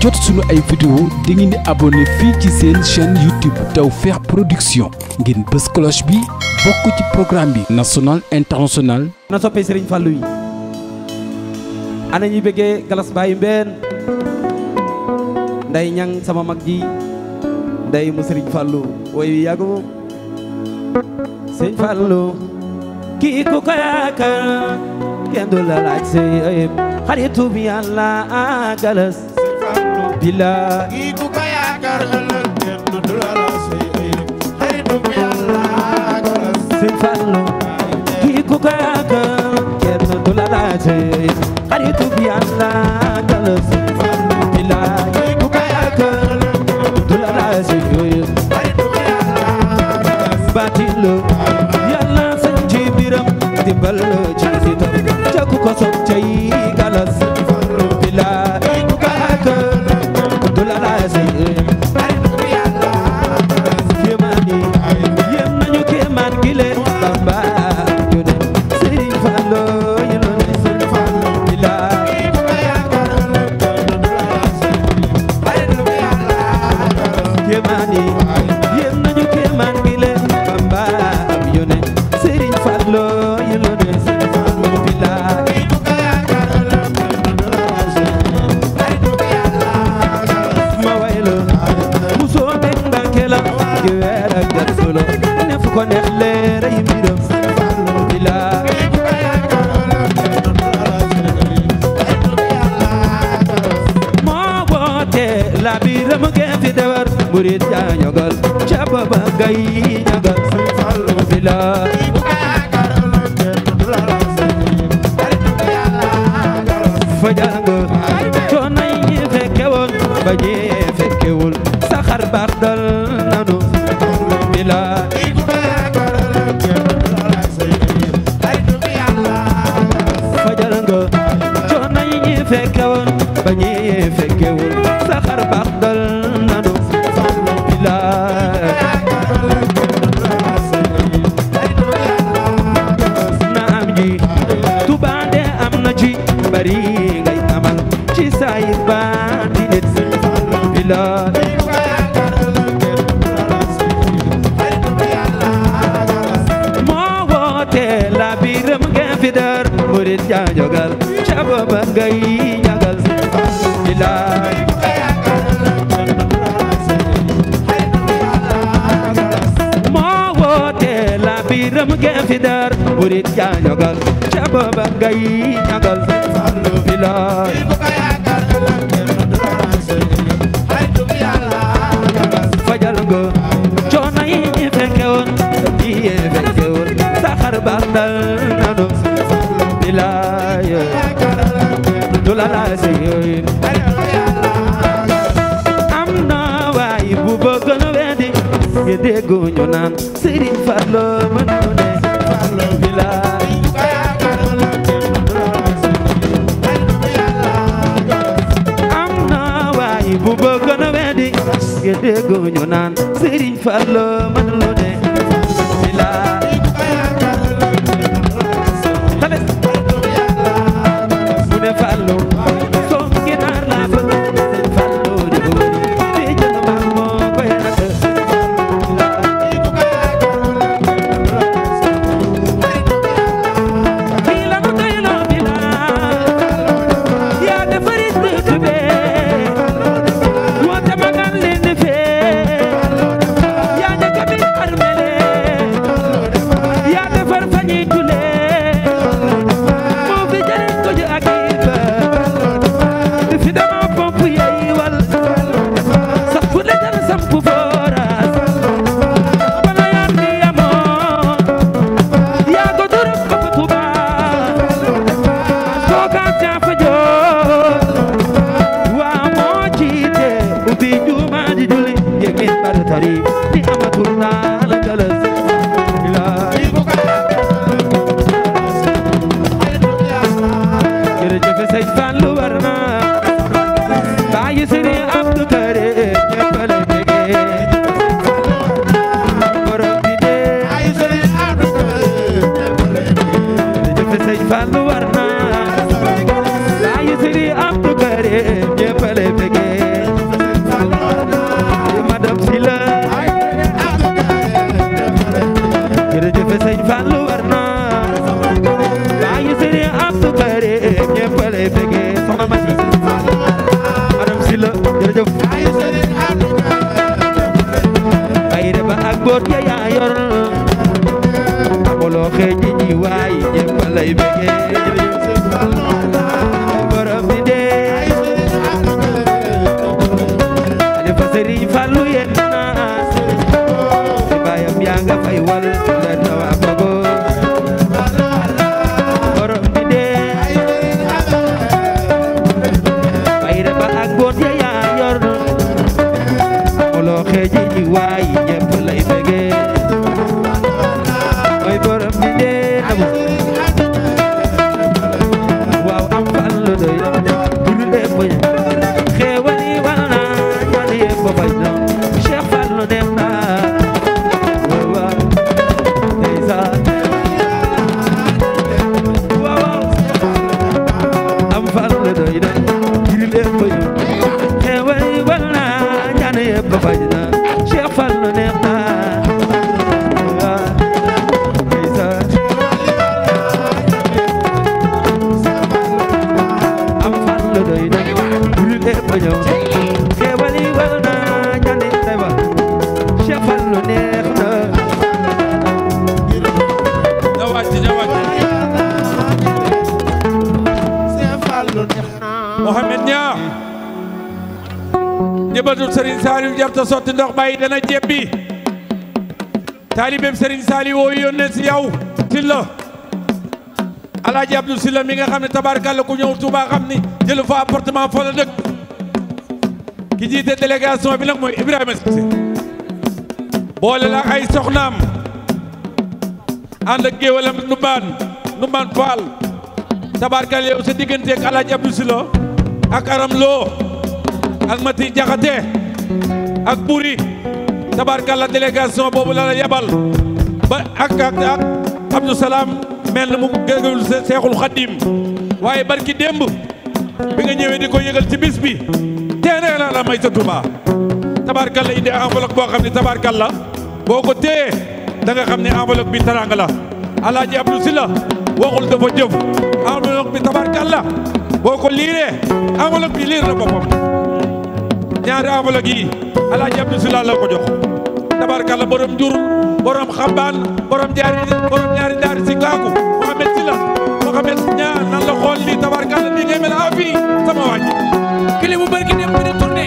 jot suñu ay vidéo da ngeen di abonné fii ci seen chaîne YouTube Tawfekh Production ngeen bës cloche bi bokk ci programme bi national international na soppee Serigne Fallou yi ana ñuy bëggee galas bàyyi mbeen nday ñang sama mag ji nday mu Serigne Fallou way wi yàgg moom Serigne kii ku ko yaakaar la laaj say xaritu bi yàlla galas bilaa kii ku ko yaakaar ëllëg kenn du la la say ay xaritu bi yàlla ko la sëñ Fallu kii ku ko yaakaar kenn du la la say ay xaritu bi yàlla ko la sëñ Fallu bilaa kii ku ko yaakaar du la la say ay xaritu bi yàlla ko la kéemaan yi yéem nañu kéemaan gi le Bamba am yone Serigne Fallou la biram murid a ñogal ca baba gay ñogal sëñ Fallu bi la fa a coono yi fekke woon ba ñee fekkewul saxar baax dal nanu bi la jogal ca baba ngay ñagal bilaay moo woote la biram gee fi dar burit ja jogal ca baba ngay ñagal bilaay fajal go coono yi fekke woon yi fekke woon saxar bandal lalaasin am na waay bu bëgg nu weddi ye dégguñu naan Sëriñ Fallu mënu ne Fallu bilaay am na waay bu bëgg nu weddi ye dégguñu naan Sëriñ Fallu mënu ma tourna la lay bëggee ba bañ na Cheikh Fall lu neex am Fall doy na lu neex ba ñëw xeebal yi wal na ñane day ba Cheikh Fall lu neex na na wàcc na wàcc Cheikh Fall lu neex njëbatul Serigne Saliou jarta sotti ndox bàyyi dana jebbi taalibeem Serigne Saliou woo yónnee si yow Sylla Alaaji Abdou Sylla mi nga xam ne tabaarkàlla ku ñëw Touba xam ni jëlu fa appartement fa dëkk ki jiite délégation bi nag mooy Ibrahima Cissé boole la ay soxnaam ànd ak géwalam Ndoumbaan Ndoumbaan Fall tabaarkàlla yow sa digganteeg Alaaji Abdou Sylla ak Aram Lo ak Mati Jaxate ak Buri tabarkalla délégation boobu la la yabal ba ak ak ak Abdou Salam mel mu gëgul Seexul Xadim waaye barki démb bi nga ñëwee ko yëgal ci bis la la may sa Touba tabarkalla indi boo xam ne tabarkalla boo ko téye da xam ne enveloppe bi taranga la Alaaji Abdou Sila waxul dafa jëf enveloppe bi tabarkalla boo ko liiree enveloppe bi liir na boppam ñaari enveloppe alaaji Abdou Sylla la ko jox tabarkalla borom jur borom xambaan borom jaari borom ñaari ndaari si gaagu Mohamed Sylla Mohamed ñaa nan la xool lii tabarkalla nii ngay mel a ah, fii sama waaj kili bu barki dem bi di tourné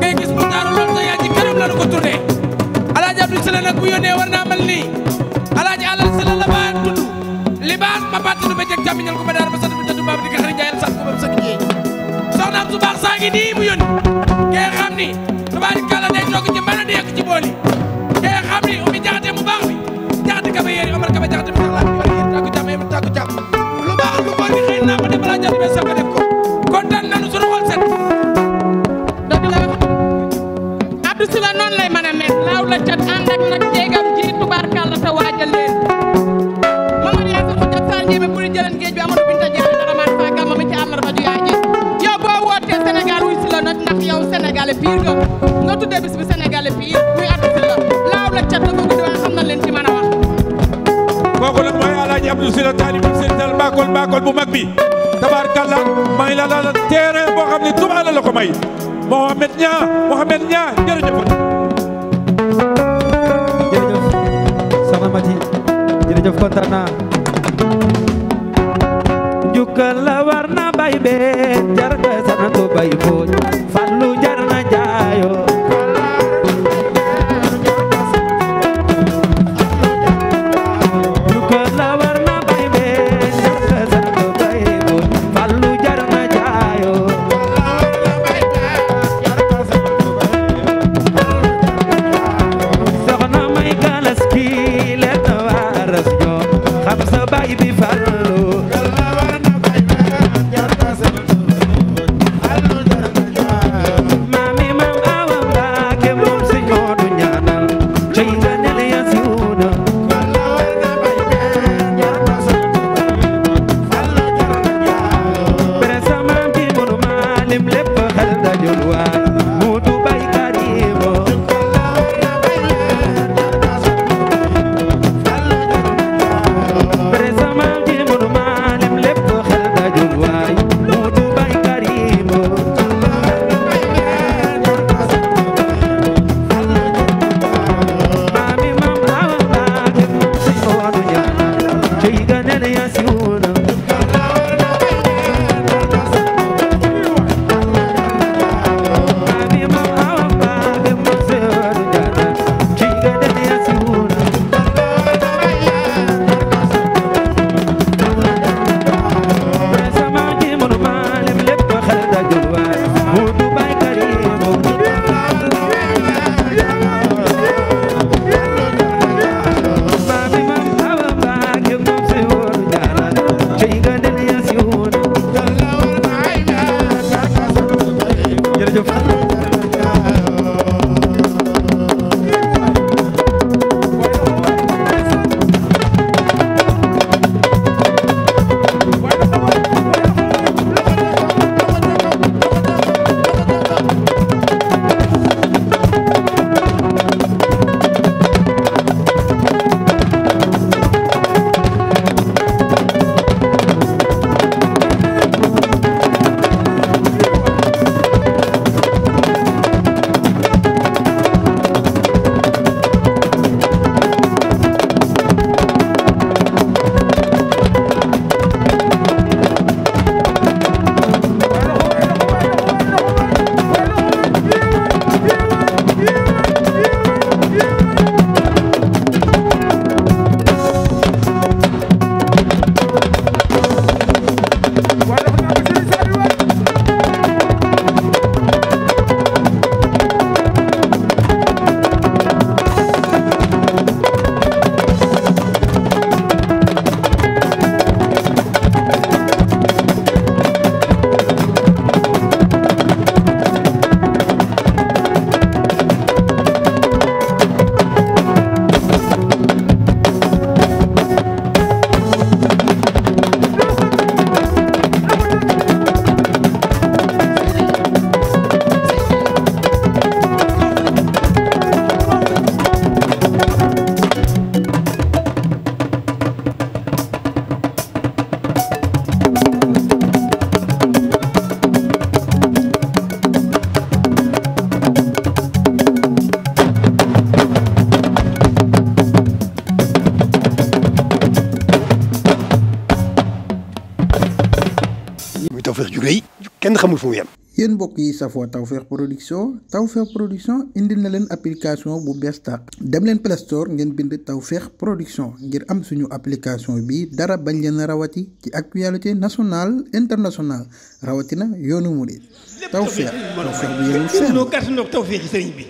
ngay gis mu daaru lool sa yaa ci kanam la nu ko tourné alaaji Abdou Sylla nag bu yónnee war naa mel nii alaaji alal Sylla ma ba jeg jàmmiñal daar ba sant bi tëdd mbaam di ka xarit jaayal sax ko ba sëkk soxnaam su baax saa nii nekk ci bool yi sénégalais pire nga nga tuddee bis bi sénégalais pire muy Abdou Sylla laaw la cat dama gudd waaye xam na leen ci mën a wax kooku nag mooy alaaji Abdou Sylla taalib seen dal mbaakol mbaakol bu mag bi tabaarkalla may la la terrain boo xam ne Tuubaa la la may Mohamed Niang Mohamed Niang jërëjëf jërëjëf soxna Mati jërëjëf naa bay be jar na sant bay booj fallu lim lépp xel dajul waan muutu bay kariimo presa maam ji munu maa lim lépp xel dajul waan muutu bay kariimo maami maam laa waa maa lim si soonu ñaan cey ga nene ya siwu kenn xamul fu mu yem. yéen yi safoo Tawfekh Production Tawfekh indil na leen application bu bees tàq dem leen Play Store ngeen bind Tawfekh Production ngir am suñu application bi dara bañ leen rawati ci actualité nationale internationale rawatina yoonu mu de Tawfekh Tawfekh bu yéen seen.